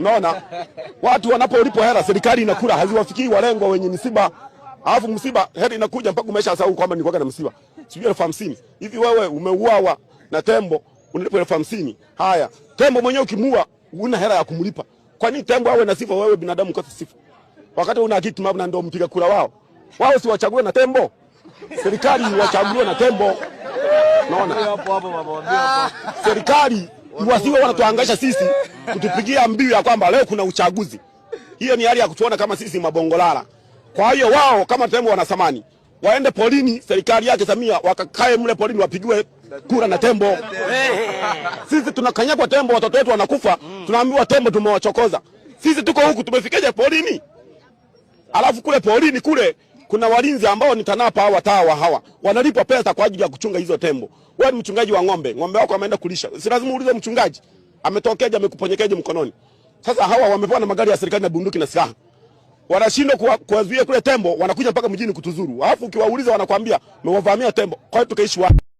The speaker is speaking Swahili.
Unaona, watu wanapolipwa hela serikali inakula, haziwafikii walengwa wenye msiba. alafu msiba hela inakuja mpaka umesha sahau kwamba nilikuwa na msiba, sijui elfu hamsini hivi. Wewe umeuawa na tembo, unalipwa elfu hamsini Haya, tembo mwenyewe ukimua una hela ya kumlipa. Kwa nini tembo awe na sifa, wewe binadamu kosa sifa, wakati una kitu mabna ndio mpiga kura wao? Wao si wachague na tembo, serikali iwachague na tembo. Unaona? serikali wasiwe wanatuangaisha sisi kutupigia mbiu ya kwamba leo kuna uchaguzi. Hiyo ni hali ya kutuona kama sisi mabongolala. Kwa hiyo wao kama tembo wana thamani, waende polini, serikali yake Samia wakakae mle polini, wapigiwe kura na tembo. Sisi tunakanyagwa tembo, watoto wetu wanakufa, tunaambiwa tembo tumewachokoza. Sisi tuko huku tumefikaje polini? Alafu kule polini kule kuna walinzi ambao ni TANAPA hawa tawa hawa wanalipwa pesa kwa ajili ya kuchunga hizo tembo. Wewe ni mchungaji wa ng'ombe, ng'ombe wako ameenda kulisha, si lazima uulize mchungaji ametokeje, amekuponyekeje mkononi. Sasa hawa wamepewa na magari ya serikali na bunduki na silaha, wanashindwa kuwazuia kule tembo, wanakuja mpaka mjini kutuzuru, alafu ukiwauliza wanakwambia mewavamia tembo. Kwa hiyo tukaishi wapi?